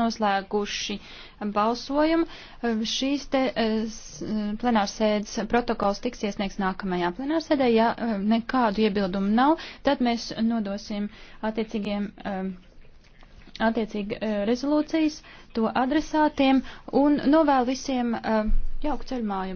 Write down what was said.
noslēguši balsojumu. Šīs te eh, plenārsēdes protokols tiks iesniegts nākamajā plenārsēdē. Ja eh, nekādu iebildumu nav, tad mēs nodosim attiecīgiem eh, attiecīgi rezolūcijas to adresātiem un novēl visiem jauku ceļmāju.